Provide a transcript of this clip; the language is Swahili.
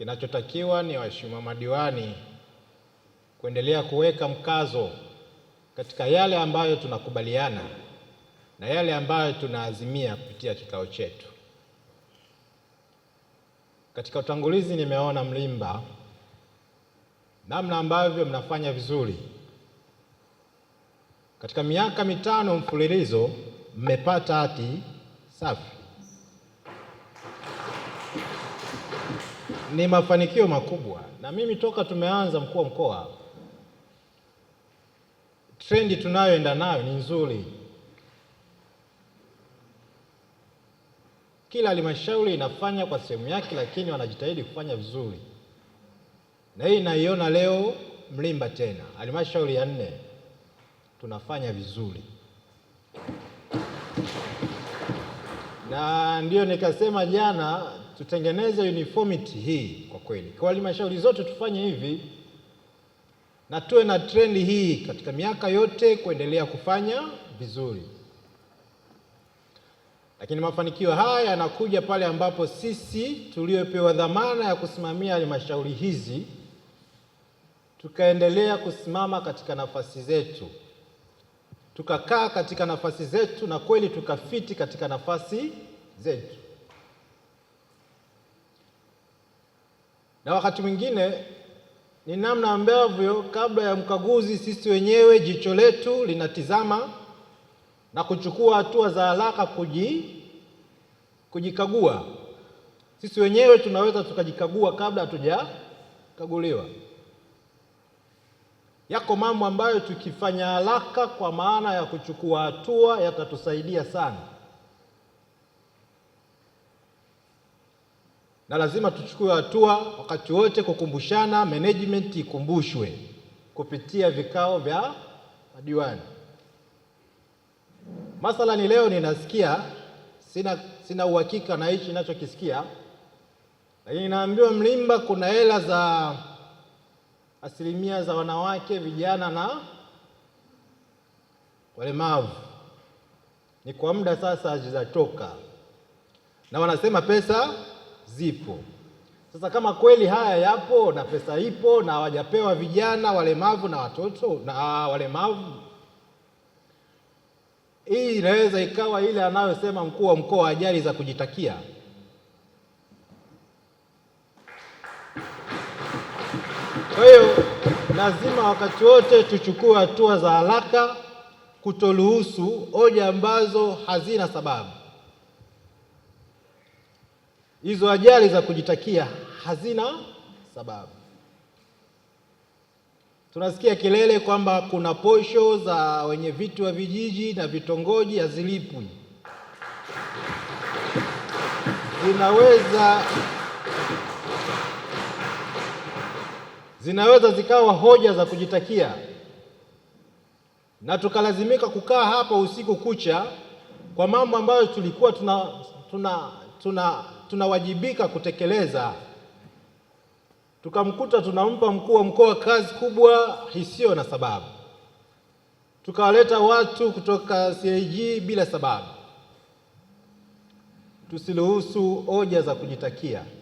Kinachotakiwa ni waheshimiwa madiwani kuendelea kuweka mkazo katika yale ambayo tunakubaliana na yale ambayo tunaazimia kupitia kikao chetu. Katika utangulizi nimeona Mlimba, namna ambavyo mnafanya vizuri katika miaka mitano mfululizo mmepata hati safi. ni mafanikio makubwa, na mimi toka tumeanza mkuu wa mkoa, trendi tunayoenda nayo ni nzuri. Kila halmashauri inafanya kwa sehemu yake, lakini wanajitahidi kufanya vizuri, na hii naiona leo Mlimba tena halmashauri ya nne tunafanya vizuri, na ndiyo nikasema jana tutengeneze uniformity hii kwa kweli, kwa halmashauri zote tufanye hivi na tuwe na trendi hii katika miaka yote kuendelea kufanya vizuri. Lakini mafanikio haya yanakuja pale ambapo sisi tuliopewa dhamana ya kusimamia halmashauri hizi tukaendelea kusimama katika nafasi zetu, tukakaa katika nafasi zetu, na kweli tukafiti katika nafasi zetu. na wakati mwingine ni namna ambavyo kabla ya mkaguzi, sisi wenyewe jicho letu linatizama na kuchukua hatua za haraka kuji kujikagua. Sisi wenyewe tunaweza tukajikagua kabla hatujakaguliwa. Yako mambo ambayo tukifanya haraka kwa maana ya kuchukua hatua yatatusaidia sana. na lazima tuchukue hatua wakati wote kukumbushana, management ikumbushwe kupitia vikao vya madiwani. Mathalani leo ninasikia, sina sina uhakika na hichi ninachokisikia, lakini naambiwa Mlimba kuna hela za asilimia za wanawake, vijana na walemavu ni kwa muda sasa hazijatoka, na wanasema pesa zipo. Sasa kama kweli haya yapo na pesa ipo na hawajapewa vijana walemavu na watoto na ah, walemavu, hii inaweza ikawa ile anayosema mkuu wa mkoa wa ajali za kujitakia. Kwa hiyo lazima wakati wote tuchukue hatua za haraka, kutoruhusu hoja ambazo hazina sababu. Hizo ajali za kujitakia hazina sababu. Tunasikia kelele kwamba kuna posho za wenye viti wa vijiji na vitongoji hazilipwi. Zinaweza zinaweza zikawa hoja za kujitakia, na tukalazimika kukaa hapa usiku kucha kwa mambo ambayo tulikuwa tuna, tuna, tuna tunawajibika kutekeleza. Tukamkuta tunampa mkuu wa mkoa kazi kubwa isiyo na sababu, tukawaleta watu kutoka CAG bila sababu. Tusiruhusu hoja za kujitakia.